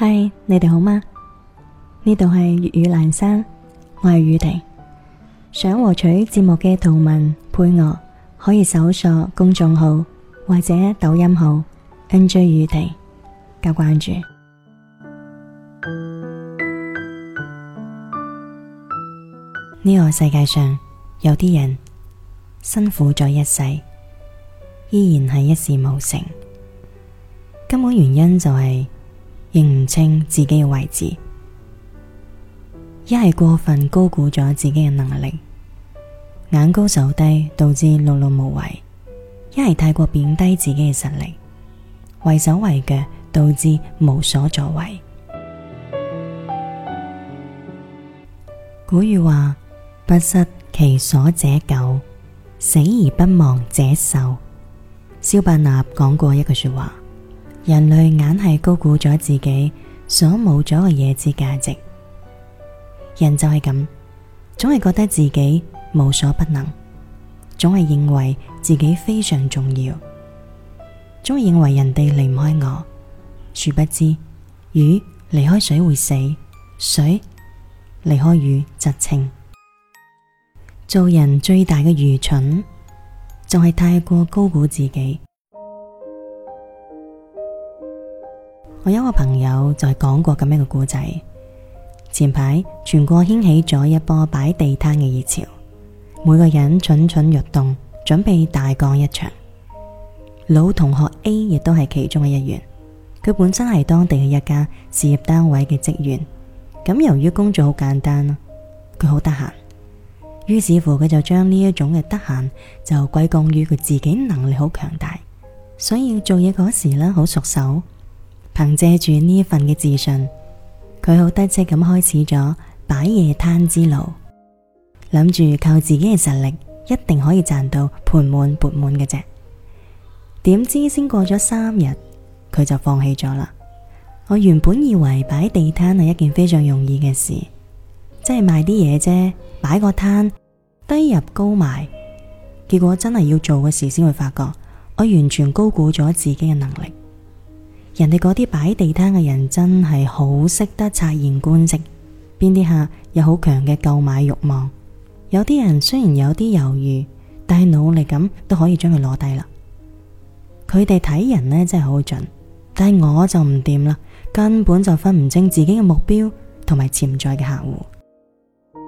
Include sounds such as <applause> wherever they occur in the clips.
嗨，Hi, 你哋好嗎？呢度係粵語蘭山，我係宇婷。想獲取節目嘅圖文配樂，可以搜索公眾號或者抖音號 NJ 宇婷加關注。呢 <music> 個世界上有啲人辛苦咗一世，依然係一事無成。根本原因就係、是。認唔清自己嘅位置，一係過分高估咗自己嘅能力，眼高手低，導致碌碌無為；一係太過貶低自己嘅實力，畏手畏腳，導致無所作為。 <music> 古語話：不失其所者久，死而不亡者壽。蕭伯納講過一句說話。人類硬係高估咗自己所冇咗嘅嘢之價值，人就係咁，總係覺得自己無所不能，總係認為自己非常重要，總係認為人哋離唔開我，殊不知魚離開水會死，水離開魚則清。做人最大嘅愚蠢，就係太過高估自己。我有一個朋友就係講過咁樣嘅故仔。前排全國掀起咗一波擺地攤嘅熱潮，每個人蠢蠢欲動，準備大幹一場。老同學 A 亦都係其中嘅一員。佢本身係當地嘅一家事業單位嘅職員。咁由於工作好簡單，佢好得閒。於是乎，佢就將呢一種嘅得閒就歸功於佢自己能力好強大，所以做嘢嗰時呢好熟手。憑借住呢一份嘅自信，佢好得戚咁開始咗擺夜攤之路，諗住靠自己嘅實力，一定可以賺到盆滿缽滿嘅啫。點知先過咗三日，佢就放棄咗啦。我原本以為擺地攤係一件非常容易嘅事，即係買啲嘢啫，擺個攤低入高賣。結果真係要做嘅時，先會發覺我完全高估咗自己嘅能力。人哋嗰啲擺地攤嘅人真係好識得察言觀色，邊啲客有好強嘅購買欲望，有啲人雖然有啲猶豫，但係努力咁都可以將佢攞低啦。佢哋睇人呢真係好準，但係我就唔掂啦，根本就分唔清自己嘅目標同埋潛在嘅客戶。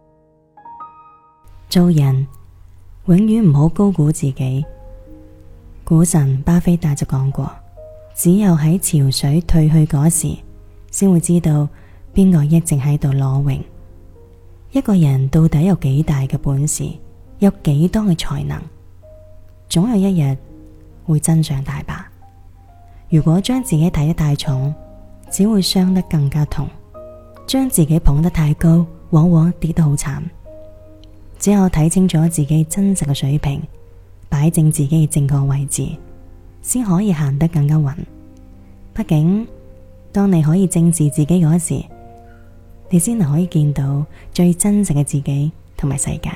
<music> 做人永遠唔好高估自己。股神巴菲特就講過：只有喺潮水退去嗰時，先會知道邊個一直喺度裸泳。一個人到底有幾大嘅本事，有幾多嘅才能，總有一日會真相大白。如果將自己睇得太重，只會傷得更加痛；將自己捧得太高，往往跌得好慘。只有睇清楚自己真實嘅水平。擺正自己嘅正確位置，先可以行得更加穩。畢竟，當你可以正視自己嗰時，你先能可以見到最真實嘅自己同埋世界。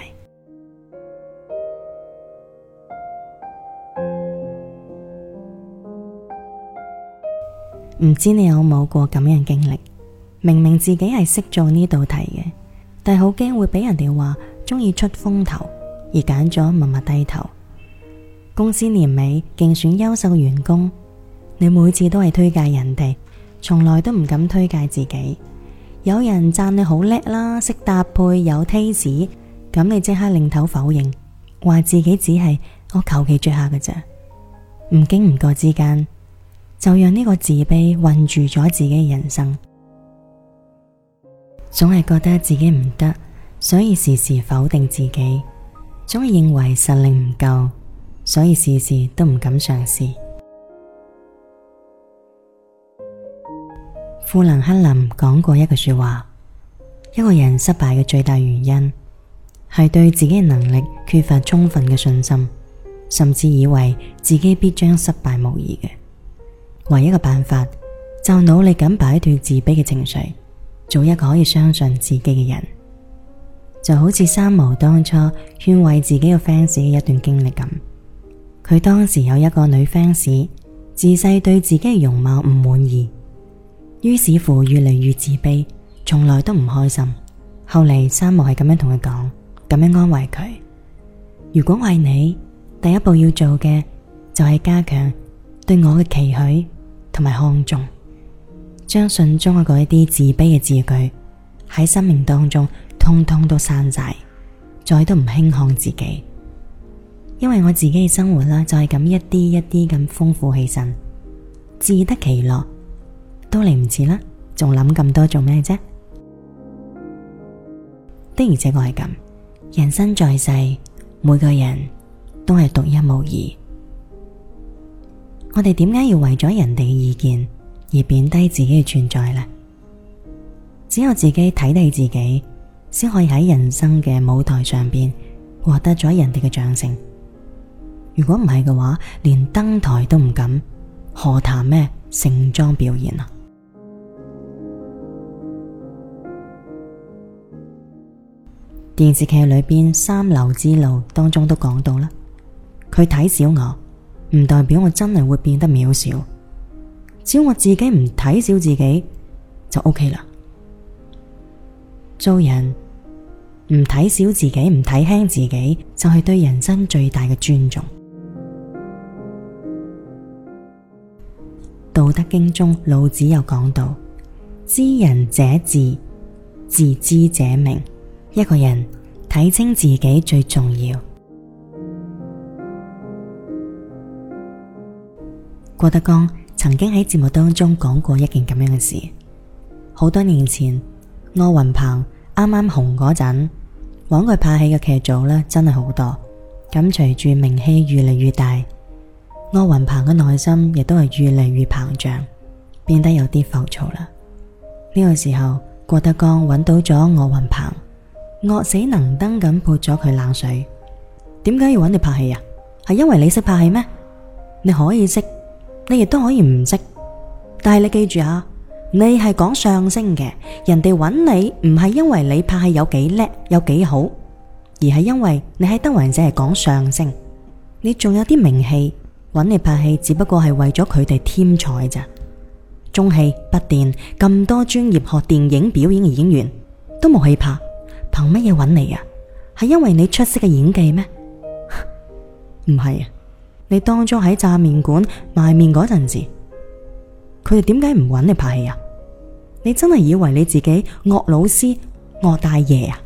唔 <music> 知你有冇過咁樣嘅經歷？明明自己係識做呢道題嘅，但係好驚會俾人哋話中意出風頭，而揀咗默默低頭。公司年尾競選優秀員工，你每次都係推介人哋，從來都唔敢推介自己。有人讚你好叻啦，識搭配有 taste，咁你即刻擰頭否認，話自己只係我求其着下嘅咋。唔經唔覺之間，就讓呢個自卑困住咗自己嘅人生，總係覺得自己唔得，所以時時否定自己，總係認為實力唔夠。所以事事都唔敢嘗試。富蘭克林講過一句說話，一個人失敗嘅最大原因係對自己嘅能力缺乏充分嘅信心，甚至以為自己必將失敗無疑嘅。唯一嘅辦法就努力咁擺脱自卑嘅情緒，做一個可以相信自己嘅人。就好似三毛當初勸慰自己嘅 fans 嘅一段經歷咁。佢當時有一個女 fans，自細對自己嘅容貌唔滿意，於是乎越嚟越自卑，從來都唔開心。後嚟三毛係咁樣同佢講，咁樣安慰佢：如果係你，第一步要做嘅就係加強對我嘅期許同埋看重，將信中嗰一啲自卑嘅字句喺生命當中通通都刪晒，再都唔輕看自己。因為我自己嘅生活啦，就係咁一啲一啲咁豐富氣神，自得其樂都嚟唔切啦，仲諗咁多做咩啫？的而且確係咁，人生在世，每個人都係獨一無二。我哋點解要為咗人哋嘅意見而貶低自己嘅存在呢？只有自己睇得起自己，先可以喺人生嘅舞台上邊獲得咗人哋嘅掌聲。如果唔係嘅話，連登台都唔敢，何談咩盛裝表演啊？電視劇裏邊《三流之路》當中都講到啦，佢睇小我，唔代表我真係會變得渺小。只要我自己唔睇小自己，就 OK 啦。做人唔睇小自己，唔睇輕自己，就係對人生最大嘅尊重。道德經中，老子有講到：知人者智，自知者明。一個人睇清自己最重要。郭德綱曾經喺節目當中講過一件咁樣嘅事。好多年前，岳雲鵬啱啱紅嗰陣，揾佢拍戲嘅劇組咧真係好多。咁隨住名氣越嚟越大。岳雲鵬嘅內心亦都係越嚟越膨脹，變得有啲浮躁啦。呢個時候，郭德綱揾到咗岳雲鵬，惡死能登咁潑咗佢冷水。點解要揾你拍戲啊？係因為你識拍戲咩？你可以識，你亦都可以唔識。但係你記住啊，你係講相聲嘅，人哋揾你唔係因為你拍戲有幾叻有幾好，而係因為你喺德雲社係講相聲，你仲有啲名氣。揾你拍戲只不過係為咗佢哋添彩咋，中戲北電咁多專業學電影表演嘅演員都冇戲拍，憑乜嘢揾你啊？係因為你出色嘅演技咩？唔 <laughs> 係啊，你當初喺炸麵館賣麵嗰陣時，佢哋點解唔揾你拍戲啊？你真係以為你自己惡老師、惡大爺啊？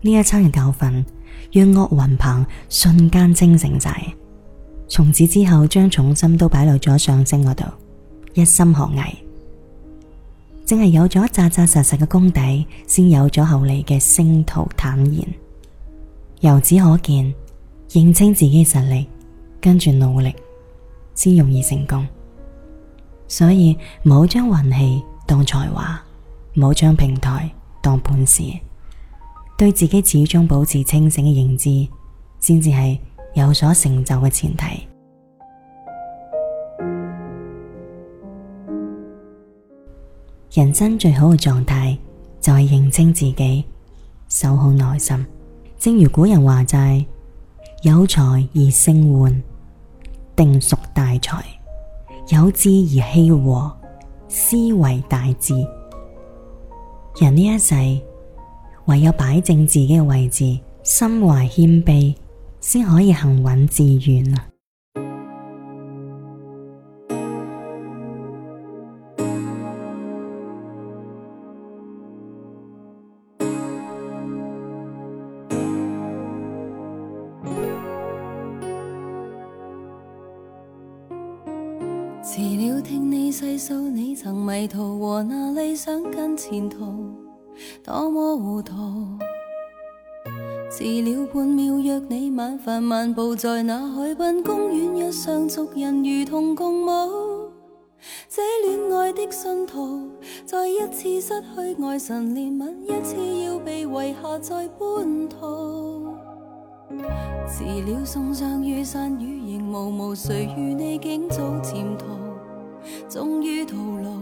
呢一餐嘅教訓，讓岳雲鵬瞬間清醒晒。從此之後，將重心都擺落咗相聲嗰度，一心學藝，正係有咗紮扎實實嘅功底，先有咗後嚟嘅星途坦然。由此可見，認清自己嘅實力，跟住努力，先容易成功。所以，唔好將運氣當才華，唔好將平台當本事，對自己始終保持清醒嘅認知，先至係。有所成就嘅前提，人生最好嘅狀態就係認清自己，守好內心。正如古人話齋：有才而性緩，定屬大才；有智而氣和，斯為大智。人呢一世，唯有擺正自己嘅位置，心懷謙卑。先可以行穩致遠啊！除 <music> 了聽你細訴你曾迷途和那理想跟前途，多麼糊塗！遲了半秒約你晚飯，漫步在那海濱公園，一上足人如同共舞。這戀愛的信徒，再一次失去愛神憐憫，一次要被遺下在半途。遲了送上雨傘，雨仍毛毛，誰與你竟早潛逃，終於徒勞。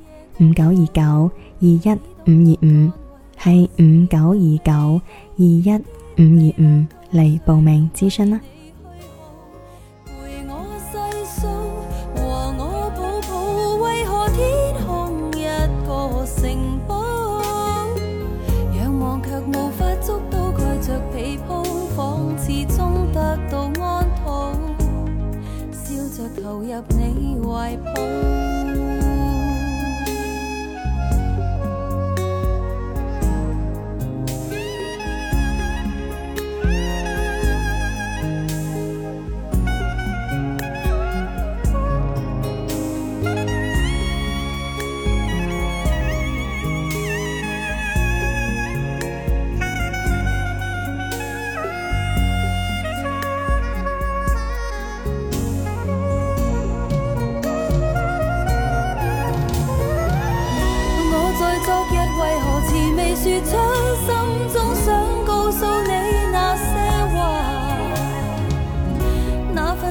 五九二九二一五二五係五九二九二一五二五嚟報名諮詢啦！陪我細訴，和我抱抱。為何天空一個城堡？仰望卻無法觸到，蓋著被鋪仿似得到安好，笑著投入你懷抱。